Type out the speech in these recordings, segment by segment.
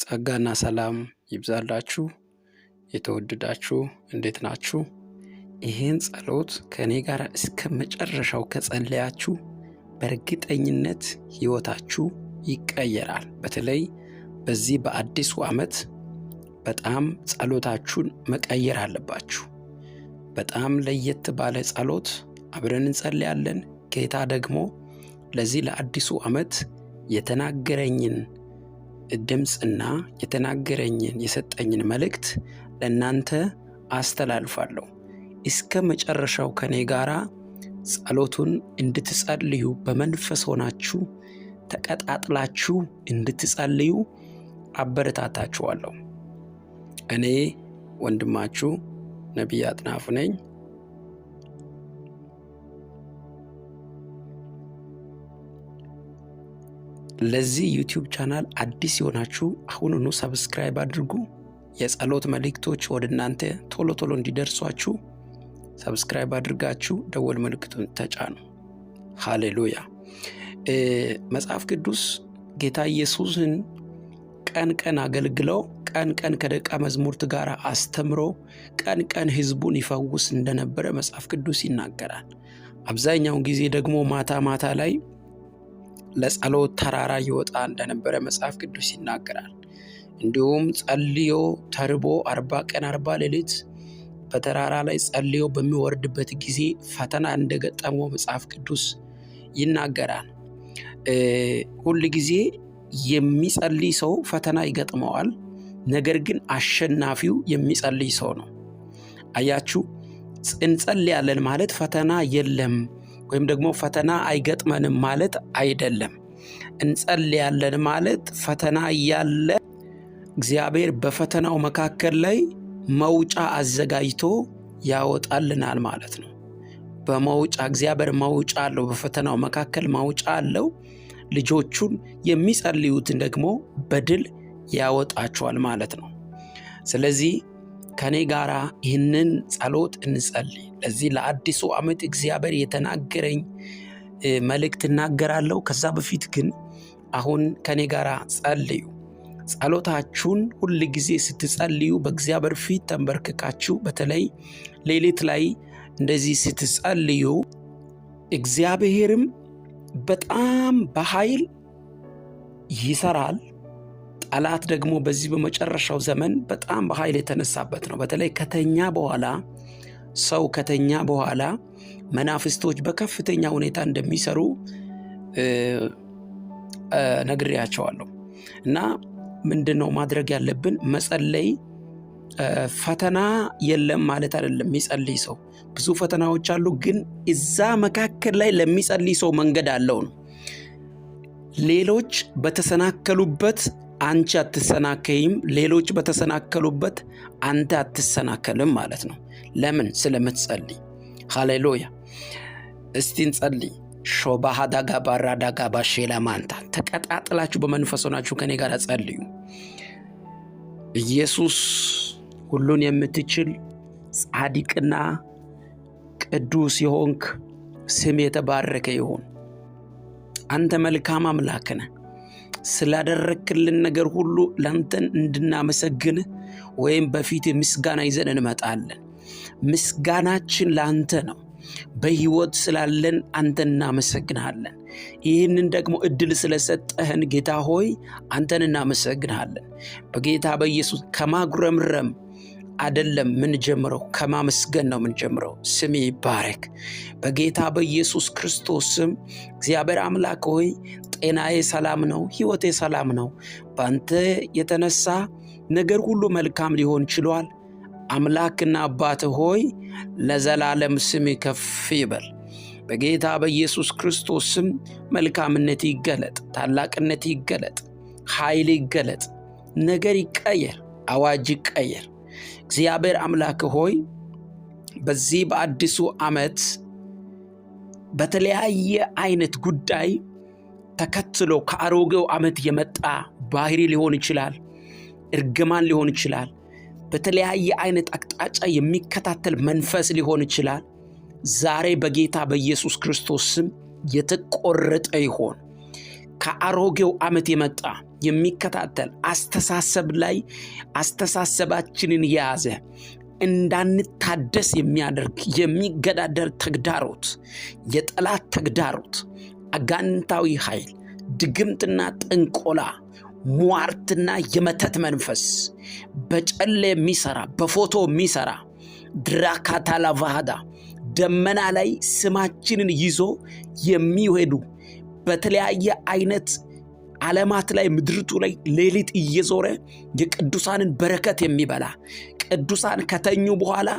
ጸጋና ሰላም ይብዛላችሁ። የተወደዳችሁ እንዴት ናችሁ? ይህን ጸሎት ከእኔ ጋር እስከ መጨረሻው ከጸለያችሁ በእርግጠኝነት ሕይወታችሁ ይቀየራል። በተለይ በዚህ በአዲሱ ዓመት በጣም ጸሎታችሁን መቀየር አለባችሁ። በጣም ለየት ባለ ጸሎት አብረን እንጸልያለን። ጌታ ደግሞ ለዚህ ለአዲሱ ዓመት የተናገረኝን ድምፅና የተናገረኝን የሰጠኝን መልእክት ለእናንተ አስተላልፋለሁ። እስከ መጨረሻው ከኔ ጋር ጸሎቱን እንድትጸልዩ በመንፈስ ሆናችሁ ተቀጣጥላችሁ እንድትጸልዩ አበረታታችኋለሁ። እኔ ወንድማችሁ ነቢይ አጥናፉ ነኝ። ለዚህ ዩቲዩብ ቻናል አዲስ የሆናችሁ አሁኑኑ ሰብስክራይብ አድርጉ። የጸሎት መልእክቶች ወደ እናንተ ቶሎ ቶሎ እንዲደርሷችሁ ሰብስክራይብ አድርጋችሁ ደወል ምልክቱን ተጫኑ። ሃሌሉያ። መጽሐፍ ቅዱስ ጌታ ኢየሱስን ቀን ቀን አገልግለው ቀን ቀን ከደቀ መዝሙርት ጋር አስተምሮ ቀን ቀን ሕዝቡን ይፈውስ እንደነበረ መጽሐፍ ቅዱስ ይናገራል። አብዛኛውን ጊዜ ደግሞ ማታ ማታ ላይ ለጸሎት ተራራ ይወጣ እንደነበረ መጽሐፍ ቅዱስ ይናገራል። እንዲሁም ጸልዮ ተርቦ አርባ ቀን አርባ ሌሊት በተራራ ላይ ጸልዮ በሚወርድበት ጊዜ ፈተና እንደገጠመው መጽሐፍ ቅዱስ ይናገራል። ሁል ጊዜ የሚጸልይ ሰው ፈተና ይገጥመዋል። ነገር ግን አሸናፊው የሚጸልይ ሰው ነው። አያችሁ እንጸልያለን ማለት ፈተና የለም ወይም ደግሞ ፈተና አይገጥመንም ማለት አይደለም። እንጸልያለን ማለት ፈተና እያለ እግዚአብሔር በፈተናው መካከል ላይ መውጫ አዘጋጅቶ ያወጣልናል ማለት ነው። በመውጫ እግዚአብሔር መውጫ አለው፣ በፈተናው መካከል መውጫ አለው። ልጆቹን የሚጸልዩትን ደግሞ በድል ያወጣቸዋል ማለት ነው። ስለዚህ ከኔ ጋራ ይህንን ጸሎት እንጸልይ። ለዚህ ለአዲሱ ዓመት እግዚአብሔር የተናገረኝ መልእክት እናገራለሁ። ከዛ በፊት ግን አሁን ከኔ ጋር ጸልዩ። ጸሎታችሁን ሁል ጊዜ ስትጸልዩ በእግዚአብሔር ፊት ተንበርክካችሁ፣ በተለይ ሌሊት ላይ እንደዚህ ስትጸልዩ እግዚአብሔርም በጣም በኃይል ይሰራል ጠላት ደግሞ በዚህ በመጨረሻው ዘመን በጣም በኃይል የተነሳበት ነው። በተለይ ከተኛ በኋላ ሰው ከተኛ በኋላ መናፍስቶች በከፍተኛ ሁኔታ እንደሚሰሩ ነግሬያቸዋለሁ። እና ምንድን ነው ማድረግ ያለብን? መጸለይ ፈተና የለም ማለት አይደለም። የሚጸልይ ሰው ብዙ ፈተናዎች አሉ፣ ግን እዛ መካከል ላይ ለሚጸልይ ሰው መንገድ አለው ነው ሌሎች በተሰናከሉበት አንቺ አትሰናከይም፣ ሌሎች በተሰናከሉበት አንተ አትሰናከልም ማለት ነው። ለምን ስለምትጸልይ። ሃሌሉያ። እስቲ እንጸልይ። ሾባሃ ባራ ዳጋ ባሼላ ማንታ ተቀጣጥላችሁ በመንፈስ ሆናችሁ ከኔ ጋር ጸልዩ። ኢየሱስ ሁሉን የምትችል ጻድቅና ቅዱስ የሆንክ ስም የተባረከ ይሁን። አንተ መልካም አምላክ ነህ። ስላደረክልን ነገር ሁሉ ላንተን እንድናመሰግንህ ወይም በፊት ምስጋና ይዘን እንመጣለን። ምስጋናችን ለአንተ ነው። በሕይወት ስላለን አንተን እናመሰግንሃለን። ይህንን ደግሞ እድል ስለሰጠህን ጌታ ሆይ አንተን እናመሰግንሃለን። በጌታ በኢየሱስ ከማጉረምረም አደለም ምንጀምረው፣ ከማመስገን ነው ምንጀምረው። ስሜ ይባረክ በጌታ በኢየሱስ ክርስቶስ ስም። እግዚአብሔር አምላክ ሆይ ጤናዬ ሰላም ነው፣ ህይወቴ ሰላም ነው። በአንተ የተነሳ ነገር ሁሉ መልካም ሊሆን ችሏል። አምላክና አባት ሆይ ለዘላለም ስም ከፍ ይበል። በጌታ በኢየሱስ ክርስቶስ ስም መልካምነት ይገለጥ፣ ታላቅነት ይገለጥ፣ ኃይል ይገለጥ፣ ነገር ይቀየር፣ አዋጅ ይቀየር። እግዚአብሔር አምላክ ሆይ በዚህ በአዲሱ ዓመት በተለያየ አይነት ጉዳይ ተከትሎ ከአሮጌው ዓመት የመጣ ባህሪ ሊሆን ይችላል፣ እርግማን ሊሆን ይችላል፣ በተለያየ አይነት አቅጣጫ የሚከታተል መንፈስ ሊሆን ይችላል። ዛሬ በጌታ በኢየሱስ ክርስቶስ ስም የተቆረጠ ይሆን። ከአሮጌው ዓመት የመጣ የሚከታተል አስተሳሰብ ላይ አስተሳሰባችንን የያዘ እንዳንታደስ የሚያደርግ የሚገዳደር ተግዳሮት፣ የጠላት ተግዳሮት፣ አጋንንታዊ ኃይል፣ ድግምትና ጥንቆላ፣ ሟርትና የመተት መንፈስ በጨሌ የሚሰራ በፎቶ የሚሰራ ድራካታላ ቫሃዳ ደመና ላይ ስማችንን ይዞ የሚሄዱ በተለያየ አይነት ዓለማት ላይ ምድርቱ ላይ ሌሊት እየዞረ የቅዱሳንን በረከት የሚበላ ቅዱሳን ከተኙ በኋላ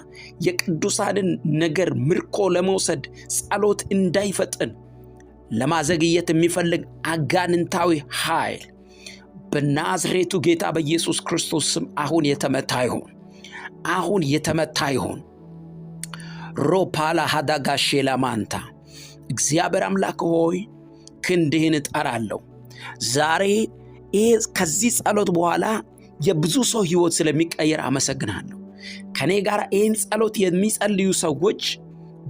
የቅዱሳንን ነገር ምርኮ ለመውሰድ ጸሎት እንዳይፈጥን ለማዘግየት የሚፈልግ አጋንንታዊ ኃይል በናዝሬቱ ጌታ በኢየሱስ ክርስቶስ ስም አሁን የተመታ ይሁን። አሁን የተመታ ይሁን። ሮፓላ ሃዳጋሼላ ማንታ እግዚአብሔር አምላክ ሆይ ክንድህን እጠራለሁ። ዛሬ ይህ ከዚህ ጸሎት በኋላ የብዙ ሰው ህይወት ስለሚቀየር አመሰግናለሁ። ከኔ ጋር ይህን ጸሎት የሚጸልዩ ሰዎች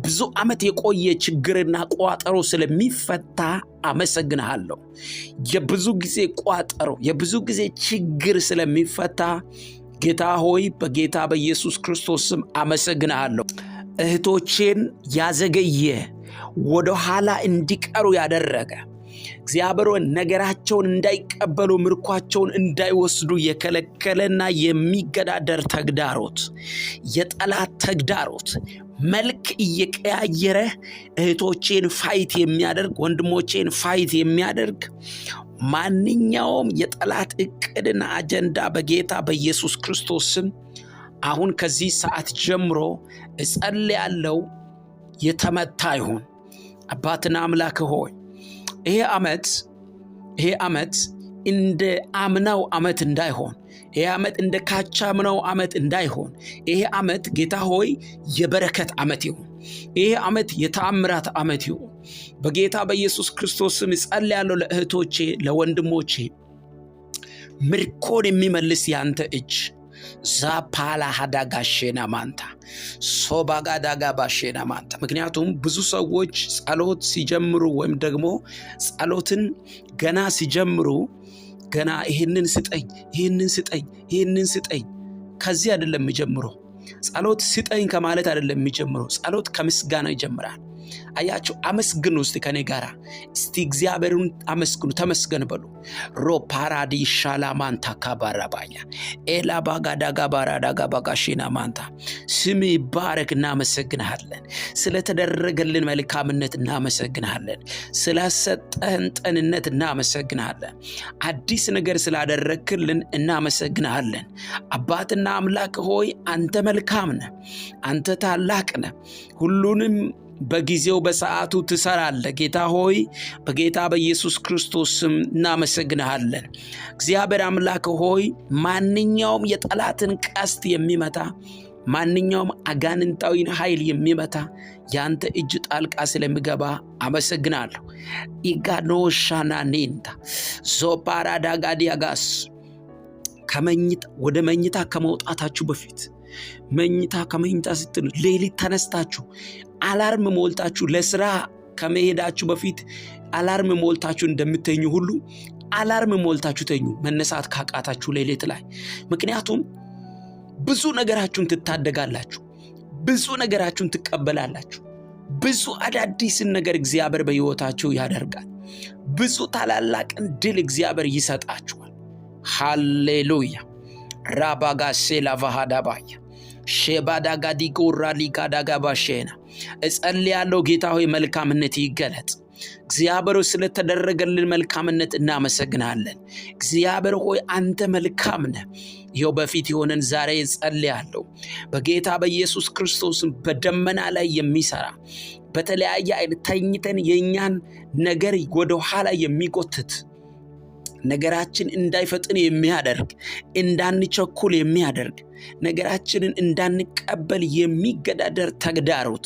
ብዙ ዓመት የቆየ ችግርና ቋጠሮ ስለሚፈታ አመሰግንሃለሁ። የብዙ ጊዜ ቋጠሮ፣ የብዙ ጊዜ ችግር ስለሚፈታ ጌታ ሆይ በጌታ በኢየሱስ ክርስቶስ ስም አመሰግንሃለሁ። እህቶቼን ያዘገየ ወደ ኋላ እንዲቀሩ ያደረገ እግዚአብሔር ነገራቸውን እንዳይቀበሉ ምርኳቸውን እንዳይወስዱ የከለከለና የሚገዳደር ተግዳሮት፣ የጠላት ተግዳሮት መልክ እየቀያየረ እህቶቼን ፋይት የሚያደርግ ወንድሞቼን ፋይት የሚያደርግ ማንኛውም የጠላት እቅድና አጀንዳ በጌታ በኢየሱስ ክርስቶስ ስም አሁን ከዚህ ሰዓት ጀምሮ ያለው የተመታ ይሁን። አባትና አምላክ ሆይ ይሄ ዓመት ይሄ ዓመት እንደ አምናው ዓመት እንዳይሆን ይሄ ዓመት እንደ ካቻምናው ዓመት እንዳይሆን ይሄ ዓመት ጌታ ሆይ የበረከት ዓመት ይሁን። ይሄ ዓመት የተአምራት ዓመት ይሁን። በጌታ በኢየሱስ ክርስቶስ ስም እጸልያለሁ። ለእህቶቼ፣ ለወንድሞቼ ምርኮን የሚመልስ ያንተ እጅ ዛፓላ ሀዳጋ ማንታ ሶባጋዳጋ ባሼና ማንታ። ምክንያቱም ብዙ ሰዎች ጸሎት ሲጀምሩ ወይም ደግሞ ጸሎትን ገና ሲጀምሩ ገና ይህንን ስጠኝ፣ ይህንን ስጠኝ፣ ይህንን ስጠኝ ከዚህ አይደለም የሚጀምረው ጸሎት ስጠኝ ከማለት አይደለም የሚጀምረው ጸሎት ከምስጋና ይጀምራል። አያችሁ፣ አመስግኑ። እስቲ ከኔ ጋራ እስቲ እግዚአብሔርን አመስግኑ፣ ተመስገን በሉ። ሮ ፓራዲ ሻላ ማንታ ካባራባኛ ኤላ ባጋ ዳጋ ባራ ዳጋ ባጋ ሺና ማንታ ስም ይባረክ። እናመሰግንሃለን ስለተደረገልን መልካምነት፣ እናመሰግንሃለን ስላሰጠህን ጠንነት እናመሰግንሃለን አዲስ ነገር ስላደረግክልን፣ እናመሰግንሃለን። አባትና አምላክ ሆይ አንተ መልካም ነህ፣ አንተ ታላቅ ነህ። ሁሉንም በጊዜው በሰዓቱ ትሰራለ ጌታ ሆይ በጌታ በኢየሱስ ክርስቶስም እናመሰግንሃለን። እግዚአብሔር አምላክ ሆይ ማንኛውም የጠላትን ቀስት የሚመታ ማንኛውም አጋንንታዊን ኃይል የሚመታ ያንተ እጅ ጣልቃ ስለሚገባ አመሰግናለሁ። ኔንታ ዞፓራዳጋዲያጋስ ከመኝታ ወደ መኝታ ከመውጣታችሁ በፊት መኝታ ከመኝታ ስትል ሌሊት ተነስታችሁ አላርም ሞልታችሁ ለስራ ከመሄዳችሁ በፊት አላርም ሞልታችሁ እንደምተኙ ሁሉ አላርም ሞልታችሁ ተኙ፣ መነሳት ካቃታችሁ ሌሊት ላይ። ምክንያቱም ብዙ ነገራችሁን ትታደጋላችሁ፣ ብዙ ነገራችሁን ትቀበላላችሁ። ብዙ አዳዲስን ነገር እግዚአብሔር በሕይወታችሁ ያደርጋል። ብዙ ታላላቅን ድል እግዚአብሔር ይሰጣችኋል። ሃሌሉያ ራባጋሴ ላቫሃዳባያ ሼባዳጋዲ ጎራ ሊጋዳጋባሼና ያለው ጌታ ሆይ መልካምነት ይገለጥ። እግዚአብሔር ስለተደረገልን መልካምነት እናመሰግናለን። እግዚአብሔር ሆይ አንተ መልካም ነህ። ይኸው በፊት የሆነን ዛሬ እጸልያለሁ በጌታ በኢየሱስ ክርስቶስ በደመና ላይ የሚሰራ በተለያየ አይነት ተኝተን የእኛን ነገር ወደ ኋላ የሚጎትት ነገራችን እንዳይፈጥን የሚያደርግ እንዳንቸኩል የሚያደርግ ነገራችንን እንዳንቀበል የሚገዳደር ተግዳሮት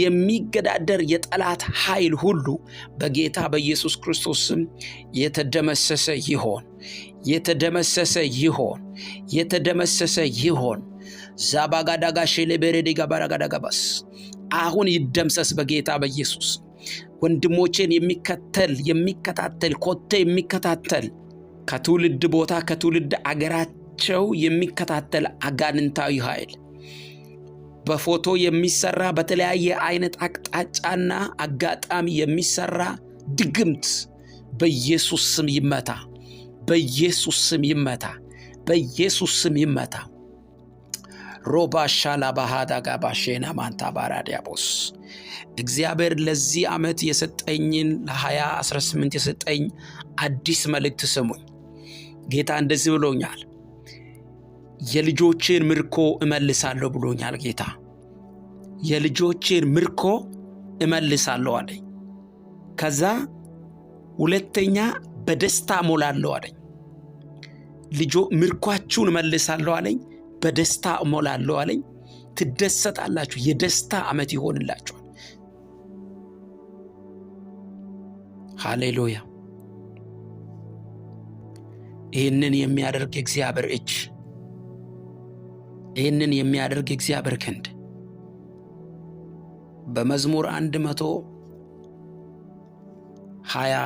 የሚገዳደር የጠላት ኃይል ሁሉ በጌታ በኢየሱስ ክርስቶስም የተደመሰሰ ይሆን የተደመሰሰ ይሆን የተደመሰሰ ይሆን። ዛባጋዳጋ ሼሌ በሬዴጋ ባራጋዳጋባስ አሁን ይደምሰስ በጌታ በኢየሱስ ወንድሞቼን የሚከተል የሚከታተል ኮቴ የሚከታተል ከትውልድ ቦታ ከትውልድ አገራቸው የሚከታተል አጋንንታዊ ኃይል በፎቶ የሚሰራ በተለያየ አይነት አቅጣጫና አጋጣሚ የሚሰራ ድግምት በኢየሱስ ስም ይመታ፣ በኢየሱስ ስም ይመታ፣ በኢየሱስ ስም ይመታ። ሮባሻላ ሻላ ጋባሼና ማንታ ባራዲያቦስ እግዚአብሔር ለዚህ ዓመት የሰጠኝን ለ2018 የሰጠኝ አዲስ መልእክት ስሙኝ። ጌታ እንደዚህ ብሎኛል፣ የልጆችን ምርኮ እመልሳለሁ ብሎኛል። ጌታ የልጆችን ምርኮ እመልሳለሁ አለኝ። ከዛ ሁለተኛ በደስታ እሞላለሁ አለኝ። ልጆ ምርኳችሁን እመልሳለሁ አለኝ። በደስታ እሞላለሁ አለኝ። ትደሰታላችሁ። የደስታ ዓመት ይሆንላችኋል። ሃሌሉያ። ይህንን የሚያደርግ የእግዚአብሔር እጅ፣ ይህንን የሚያደርግ የእግዚአብሔር ክንድ በመዝሙር አንድ መቶ ሀያ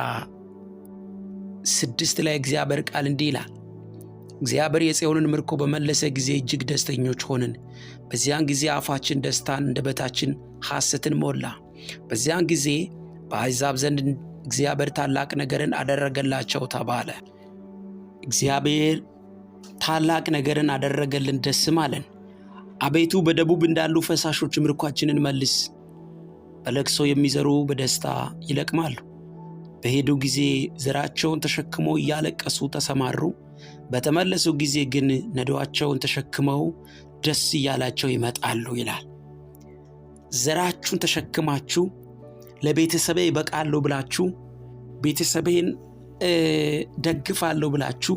ስድስት ላይ እግዚአብሔር ቃል እንዲህ ይላል እግዚአብሔር የጽዮንን ምርኮ በመለሰ ጊዜ እጅግ ደስተኞች ሆንን። በዚያን ጊዜ አፋችን ደስታን፣ በታችን ሐሰትን ሞላ። በዚያን ጊዜ በአሕዛብ ዘንድ እግዚአብሔር ታላቅ ነገርን አደረገላቸው ተባለ። እግዚአብሔር ታላቅ ነገርን አደረገልን፣ ደስም አለን። አቤቱ በደቡብ እንዳሉ ፈሳሾች ምርኳችንን መልስ። በለቅሶ የሚዘሩ በደስታ ይለቅማሉ። በሄዱ ጊዜ ዘራቸውን ተሸክመው እያለቀሱ ተሰማሩ። በተመለሱ ጊዜ ግን ነዶአቸውን ተሸክመው ደስ እያላቸው ይመጣሉ ይላል። ዘራችሁን ተሸክማችሁ ለቤተሰቤ ይበቃለሁ ብላችሁ ቤተሰቤን ደግፋለሁ ብላችሁ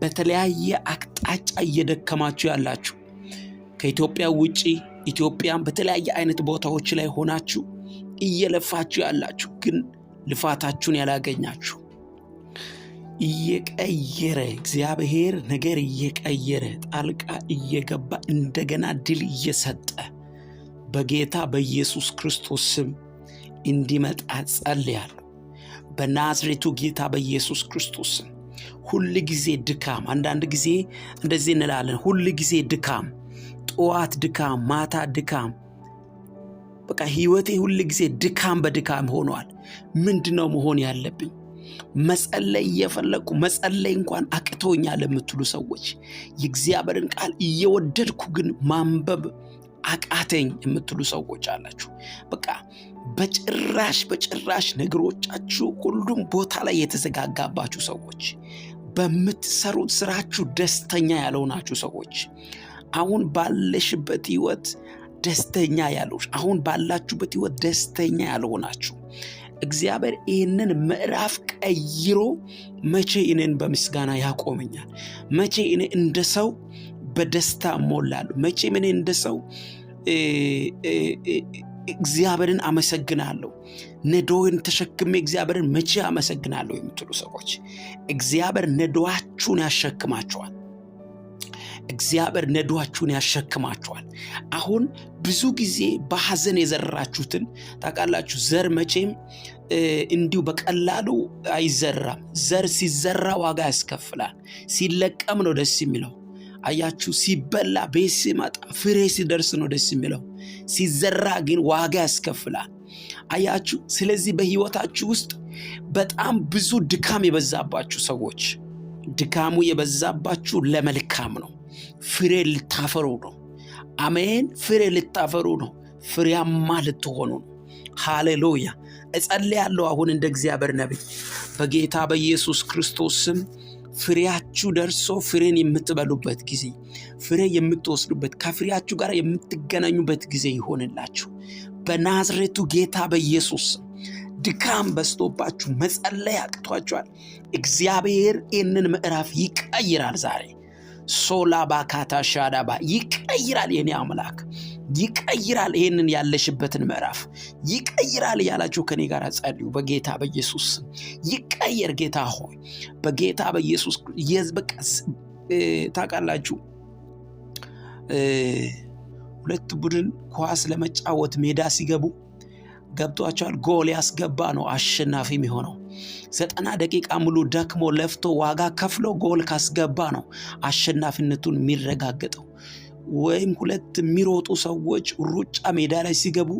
በተለያየ አቅጣጫ እየደከማችሁ ያላችሁ ከኢትዮጵያ ውጪ ኢትዮጵያን በተለያየ አይነት ቦታዎች ላይ ሆናችሁ እየለፋችሁ ያላችሁ ግን ልፋታችሁን ያላገኛችሁ እየቀየረ እግዚአብሔር ነገር እየቀየረ ጣልቃ እየገባ እንደገና ድል እየሰጠ በጌታ በኢየሱስ ክርስቶስ ስም እንዲመጣ ጸልያለሁ። በናዝሬቱ ጌታ በኢየሱስ ክርስቶስ ሁል ጊዜ ድካም፣ አንዳንድ ጊዜ እንደዚህ እንላለን። ሁል ጊዜ ድካም፣ ጠዋት ድካም፣ ማታ ድካም፣ በቃ ህይወቴ ሁል ጊዜ ድካም በድካም ሆኗል። ምንድነው መሆን ያለብኝ? መጸለይ እየፈለግኩ መጸለይ እንኳን አቅቶኛ የምትሉ ሰዎች የእግዚአብሔርን ቃል እየወደድኩ ግን ማንበብ አቃተኝ የምትሉ ሰዎች አላችሁ። በቃ በጭራሽ በጭራሽ ነገሮቻችሁ ሁሉም ቦታ ላይ የተዘጋጋባችሁ ሰዎች፣ በምትሰሩት ስራችሁ ደስተኛ ያልሆናችሁ ሰዎች፣ አሁን ባለሽበት ህይወት ደስተኛ ያልሆናችሁ፣ አሁን ባላችሁበት ህይወት ደስተኛ ያልሆናችሁ እግዚአብሔር ይህንን ምዕራፍ ቀይሮ መቼ እኔን በምስጋና ያቆመኛል? መቼ እኔ እንደ ሰው በደስታ ሞላለሁ? መቼ እኔ እንደ ሰው እግዚአብሔርን አመሰግናለሁ፣ ነዶን ተሸክሜ እግዚአብሔርን መቼ አመሰግናለሁ የምትሉ ሰዎች እግዚአብሔር ነዶዋችሁን ያሸክማችኋል። እግዚአብሔር ነዶችሁን ያሸክማችኋል። አሁን ብዙ ጊዜ በሐዘን የዘራችሁትን ታቃላችሁ ዘር መቼም እንዲሁ በቀላሉ አይዘራም። ዘር ሲዘራ ዋጋ ያስከፍላል። ሲለቀም ነው ደስ የሚለው። አያችሁ፣ ሲበላ ቤት ሲመጣ ፍሬ ሲደርስ ነው ደስ የሚለው። ሲዘራ ግን ዋጋ ያስከፍላል። አያችሁ። ስለዚህ በህይወታችሁ ውስጥ በጣም ብዙ ድካም የበዛባችሁ ሰዎች ድካሙ የበዛባችሁ ለመልካም ነው። ፍሬ ልታፈሩ ነው። አሜን። ፍሬ ልታፈሩ ነው። ፍሬያማ ልትሆኑ ነው። ሃሌሉያ። እጸልያለሁ አሁን እንደ እግዚአብሔር ነቢይ በጌታ በኢየሱስ ክርስቶስ ስም ፍሬያችሁ ደርሶ ፍሬን የምትበሉበት ጊዜ፣ ፍሬ የምትወስዱበት፣ ከፍሬያችሁ ጋር የምትገናኙበት ጊዜ ይሆንላችሁ በናዝሬቱ ጌታ በኢየሱስ ድካም በዝቶባችሁ መጸለይ አቅቷችኋል። እግዚአብሔር ይህንን ምዕራፍ ይቀይራል። ዛሬ ሶላ ባካታ ሻዳባ ይቀይራል። የኔ አምላክ ይቀይራል። ይህንን ያለሽበትን ምዕራፍ ይቀይራል እያላችሁ ከኔ ጋር ጸልዩ። በጌታ በኢየሱስ ይቀየር። ጌታ ሆይ በጌታ በኢየሱስ በቃ ታቃላችሁ ሁለት ቡድን ኳስ ለመጫወት ሜዳ ሲገቡ ገብቷቸዋል። ጎል ያስገባ ነው አሸናፊ የሚሆነው። ዘጠና ደቂቃ ሙሉ ደክሞ ለፍቶ ዋጋ ከፍሎ ጎል ካስገባ ነው አሸናፊነቱን የሚረጋገጠው። ወይም ሁለት የሚሮጡ ሰዎች ሩጫ ሜዳ ላይ ሲገቡ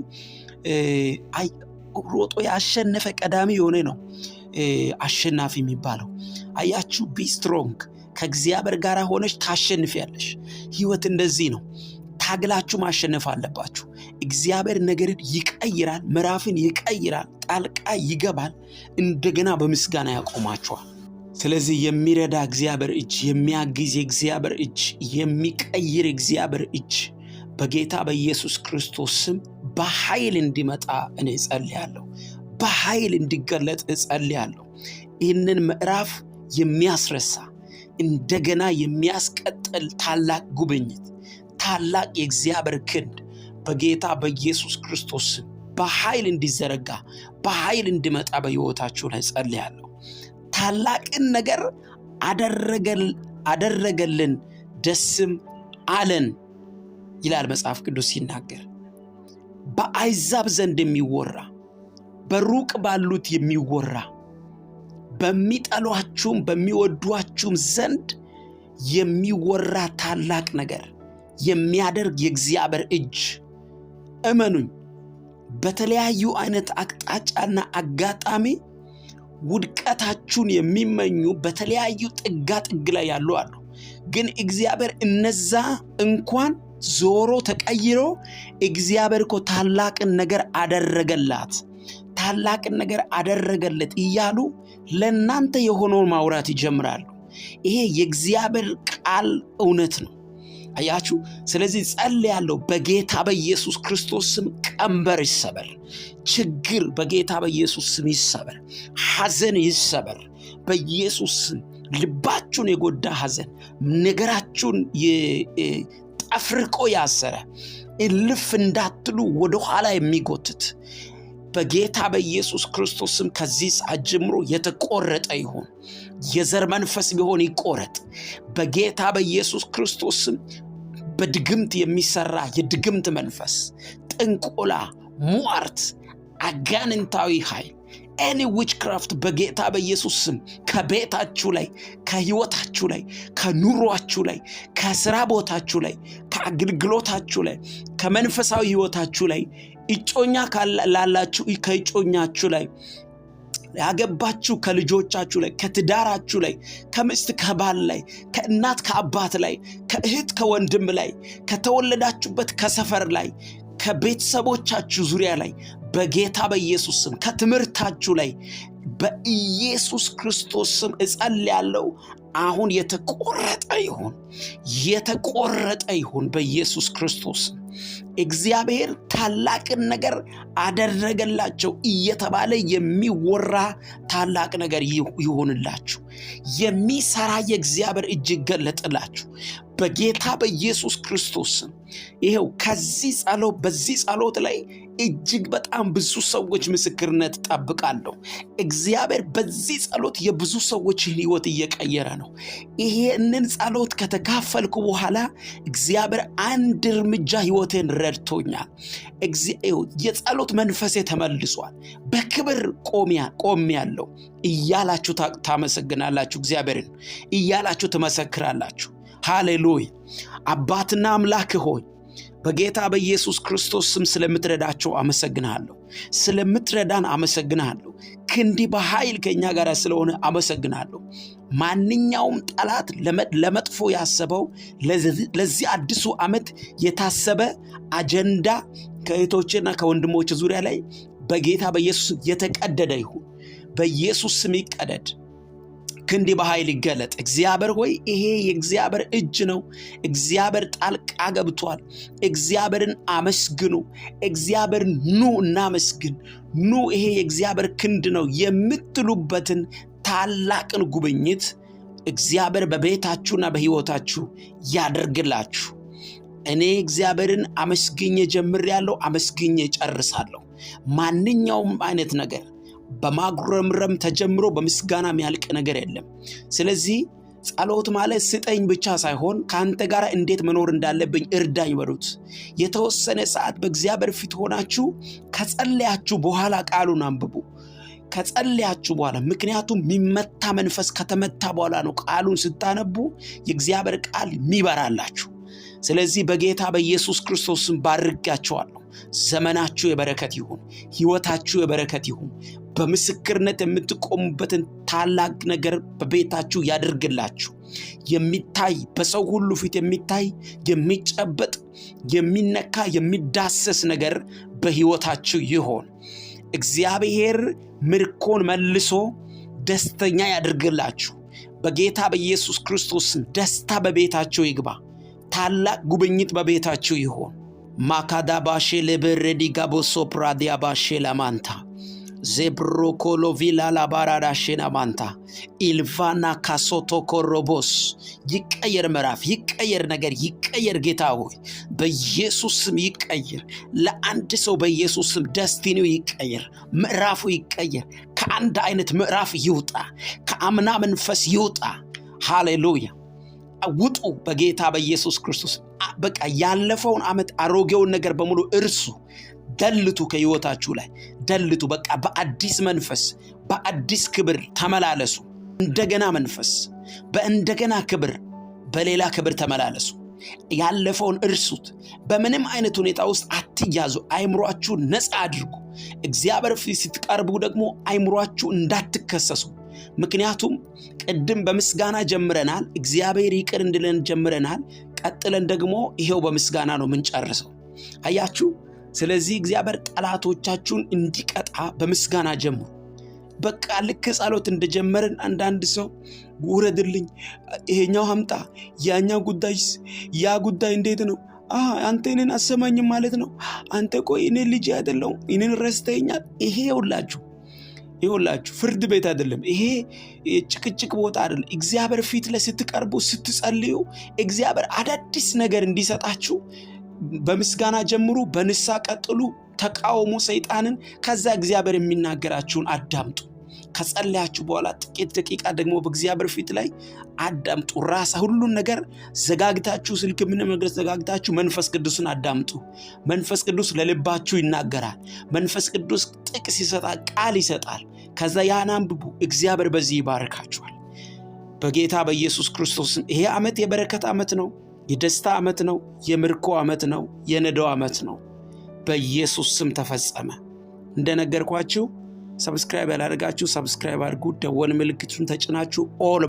ሮጦ ያሸነፈ ቀዳሚ የሆነ ነው አሸናፊ የሚባለው። አያችሁ፣ ስትሮንግ። ከእግዚአብሔር ጋር ሆነች ታሸንፊያለሽ። ህይወት እንደዚህ ነው። ታግላችሁ ማሸነፍ አለባችሁ። እግዚአብሔር ነገርን ይቀይራል፣ ምዕራፍን ይቀይራል፣ ጣልቃ ይገባል፣ እንደገና በምስጋና ያቆማችኋል። ስለዚህ የሚረዳ እግዚአብሔር እጅ፣ የሚያግዝ የእግዚአብሔር እጅ፣ የሚቀይር እግዚአብሔር እጅ በጌታ በኢየሱስ ክርስቶስ ስም በኃይል እንዲመጣ እኔ እጸልያለሁ። በኃይል እንዲገለጥ እጸልያለሁ። ይህንን ምዕራፍ የሚያስረሳ እንደገና የሚያስቀጥል ታላቅ ጉብኝት፣ ታላቅ የእግዚአብሔር ክንድ በጌታ በኢየሱስ ክርስቶስ ስም በኃይል እንዲዘረጋ፣ በኃይል እንዲመጣ በሕይወታችሁ ላይ ጸልያለሁ። ታላቅን ነገር አደረገልን ደስም አለን ይላል መጽሐፍ ቅዱስ ሲናገር። በአይዛብ ዘንድ የሚወራ በሩቅ ባሉት የሚወራ በሚጠሏችሁም በሚወዷችሁም ዘንድ የሚወራ ታላቅ ነገር የሚያደርግ የእግዚአብሔር እጅ እመኑኝ፣ በተለያዩ አይነት አቅጣጫና አጋጣሚ ውድቀታችሁን የሚመኙ በተለያዩ ጥጋ ጥግ ላይ ያሉ አሉ። ግን እግዚአብሔር እነዛ እንኳን ዞሮ ተቀይሮ እግዚአብሔር እኮ ታላቅን ነገር አደረገላት ታላቅን ነገር አደረገለት እያሉ ለእናንተ የሆነውን ማውራት ይጀምራሉ። ይሄ የእግዚአብሔር ቃል እውነት ነው። አያችሁ። ስለዚህ ጸልያለሁ፣ በጌታ በኢየሱስ ክርስቶስ ስም ቀንበር ይሰበር፣ ችግር በጌታ በኢየሱስ ስም ይሰበር፣ ሐዘን ይሰበር በኢየሱስ ስም። ልባችሁን የጎዳ ሐዘን፣ ነገራችሁን ጠፍርቆ ያሰረ እልፍ እንዳትሉ ወደኋላ የሚጎትት በጌታ በኢየሱስ ክርስቶስም ከዚህ ሰዓት ጀምሮ የተቆረጠ ይሁን። የዘር መንፈስ ቢሆን ይቆረጥ በጌታ በኢየሱስ ክርስቶስም። በድግምት የሚሰራ የድግምት መንፈስ፣ ጥንቆላ፣ ሙዋርት፣ አጋንንታዊ ኃይል ኤኒ ዊችክራፍት በጌታ በኢየሱስ ስም ከቤታችሁ ላይ ከህይወታችሁ ላይ ከኑሯችሁ ላይ ከስራ ቦታችሁ ላይ ከአገልግሎታችሁ ላይ ከመንፈሳዊ ህይወታችሁ ላይ እጮኛ ላላችሁ ከእጮኛችሁ ላይ ያገባችሁ ከልጆቻችሁ ላይ ከትዳራችሁ ላይ ከምስት ከባል ላይ ከእናት ከአባት ላይ ከእህት ከወንድም ላይ ከተወለዳችሁበት ከሰፈር ላይ ከቤተሰቦቻችሁ ዙሪያ ላይ በጌታ በኢየሱስ ስም ከትምህርታችሁ ላይ በኢየሱስ ክርስቶስ ስም እጸል ያለው አሁን የተቆረጠ ይሁን፣ የተቆረጠ ይሁን በኢየሱስ ክርስቶስ እግዚአብሔር ታላቅን ነገር አደረገላቸው እየተባለ የሚወራ ታላቅ ነገር ይሆንላችሁ። የሚሰራ የእግዚአብሔር እጅ ይገለጥላችሁ በጌታ በኢየሱስ ክርስቶስ ይኸው ከዚህ ጸሎ በዚህ ጸሎት ላይ እጅግ በጣም ብዙ ሰዎች ምስክርነት ጠብቃለሁ። እግዚአብሔር በዚህ ጸሎት የብዙ ሰዎችን ህይወት እየቀየረ ነው። ይሄንን ጸሎት ከተካፈልኩ በኋላ እግዚአብሔር አንድ እርምጃ ህይወቴን ረድቶኛል። የጸሎት መንፈሴ ተመልሷል፣ በክብር ያለው እያላችሁ ታመሰግናላችሁ። እግዚአብሔርን እያላችሁ ትመሰክራላችሁ። ሃሌሉይ አባትና አምላክ ሆይ በጌታ በኢየሱስ ክርስቶስ ስም ስለምትረዳቸው አመሰግንሃለሁ። ስለምትረዳን አመሰግንሃለሁ። ክንዲህ በኃይል ከእኛ ጋር ስለሆነ አመሰግናለሁ። ማንኛውም ጠላት ለመጥፎ ያሰበው ለዚህ አዲሱ ዓመት የታሰበ አጀንዳ ከእህቶችና ከወንድሞች ዙሪያ ላይ በጌታ በኢየሱስ የተቀደደ ይሁን። በኢየሱስ ስም ይቀደድ። ክንድ በኃይል ይገለጥ። እግዚአብሔር ሆይ ይሄ የእግዚአብሔር እጅ ነው። እግዚአብሔር ጣልቃ ገብቷል። እግዚአብሔርን አመስግኑ። እግዚአብሔርን ኑ እናመስግን። ኑ ይሄ የእግዚአብሔር ክንድ ነው የምትሉበትን ታላቅን ጉብኝት እግዚአብሔር በቤታችሁና በሕይወታችሁ ያደርግላችሁ። እኔ እግዚአብሔርን አመስግኜ ጀምሬያለሁ፣ አመስግኜ ጨርሳለሁ። ማንኛውም አይነት ነገር በማጉረምረም ተጀምሮ በምስጋና የሚያልቅ ነገር የለም። ስለዚህ ጸሎት ማለት ስጠኝ ብቻ ሳይሆን ከአንተ ጋር እንዴት መኖር እንዳለብኝ እርዳኝ በሉት። የተወሰነ ሰዓት በእግዚአብሔር ፊት ሆናችሁ ከጸለያችሁ በኋላ ቃሉን አንብቡ። ከጸለያችሁ በኋላ ምክንያቱም የሚመታ መንፈስ ከተመታ በኋላ ነው ቃሉን ስታነቡ የእግዚአብሔር ቃል የሚበራላችሁ። ስለዚህ በጌታ በኢየሱስ ክርስቶስን ባርጋችኋለሁ። ዘመናችሁ የበረከት ይሁን። ህይወታችሁ የበረከት ይሁን። በምስክርነት የምትቆሙበትን ታላቅ ነገር በቤታችሁ ያደርግላችሁ። የሚታይ በሰው ሁሉ ፊት የሚታይ የሚጨበጥ፣ የሚነካ፣ የሚዳሰስ ነገር በሕይወታችሁ ይሆን። እግዚአብሔር ምርኮን መልሶ ደስተኛ ያደርግላችሁ። በጌታ በኢየሱስ ክርስቶስ ደስታ በቤታችሁ ይግባ። ታላቅ ጉብኝት በቤታችሁ ይሆን። ማካዳ ባሼ ለበረዲ ጋቦሶ ፕራዲያ ባሼ ለማንታ zebrokolo vila laባራዳ ሼናማንታ ኢልቫና ካሶቶ ሮቦስ ይቀየር፣ ምዕራፍ ይቀየር፣ ነገር ይቀየር። ጌታ ሆይ በኢየሱስ ስም ይቀየር። ለአንድ ሰው በኢየሱስ ስም ደስቲኒው ይቀየር፣ ምዕራፉ ይቀየር። ከአንድ አይነት ምዕራፍ ይውጣ፣ ከአምና መንፈስ ይውጣ። ሃሌሉያ ውጡ፣ በጌታ በኢየሱስ ክርስቶስ። በቃ ያለፈውን ዓመት አሮጌውን ነገር በሙሉ እርሱ ደልቱ፣ ከህይወታችሁ ላይ ደልቱ። በቃ በአዲስ መንፈስ በአዲስ ክብር ተመላለሱ። እንደገና መንፈስ በእንደገና ክብር በሌላ ክብር ተመላለሱ። ያለፈውን እርሱት። በምንም አይነት ሁኔታ ውስጥ አትያዙ። አይምሯችሁ ነፃ አድርጉ። እግዚአብሔር ፊት ስትቀርቡ ደግሞ አይምሯችሁ እንዳትከሰሱ። ምክንያቱም ቅድም በምስጋና ጀምረናል፣ እግዚአብሔር ይቅር እንድለን ጀምረናል። ቀጥለን ደግሞ ይሄው በምስጋና ነው የምንጨርሰው። አያችሁ ስለዚህ እግዚአብሔር ጠላቶቻችሁን እንዲቀጣ በምስጋና ጀምሩ። በቃ ልክ ጸሎት እንደጀመርን አንዳንድ ሰው ውረድልኝ፣ ይሄኛው አምጣ፣ ያኛው ጉዳይስ፣ ያ ጉዳይ እንዴት ነው? አንተ እኔን አሰማኝም ማለት ነው። አንተ ቆይ እኔ ልጅ አይደለሁም፣ እኔን ረስተኛል። ይሄ ይኸውላችሁ ይሁላችሁ ፍርድ ቤት አይደለም። ይሄ ጭቅጭቅ ቦታ አይደለም። እግዚአብሔር ፊት ለስትቀርቡ ስትጸልዩ እግዚአብሔር አዳዲስ ነገር እንዲሰጣችሁ በምስጋና ጀምሩ፣ በንሳ ቀጥሉ፣ ተቃውሙ ሰይጣንን። ከዛ እግዚአብሔር የሚናገራችሁን አዳምጡ። ከጸለያችሁ በኋላ ጥቂት ደቂቃ ደግሞ በእግዚአብሔር ፊት ላይ አዳምጡ። ራሳ ሁሉን ነገር ዘጋግታችሁ፣ ስልክ ምንም ነገር ዘጋግታችሁ መንፈስ ቅዱስን አዳምጡ። መንፈስ ቅዱስ ለልባችሁ ይናገራል። መንፈስ ቅዱስ ጥቅስ ይሰጣል፣ ቃል ይሰጣል። ከዛ ያን አንብቡ። እግዚአብሔር በዚህ ይባርካችኋል። በጌታ በኢየሱስ ክርስቶስ ይሄ ዓመት የበረከት ዓመት ነው። የደስታ ዓመት ነው። የምርኮ ዓመት ነው። የነዳው ዓመት ነው። በኢየሱስ ስም ተፈጸመ። እንደነገርኳችሁ ሰብስክራይብ ያላደርጋችሁ ሰብስክራይብ አድርጉ። ደወል ምልክቱን ተጭናችሁ ኦል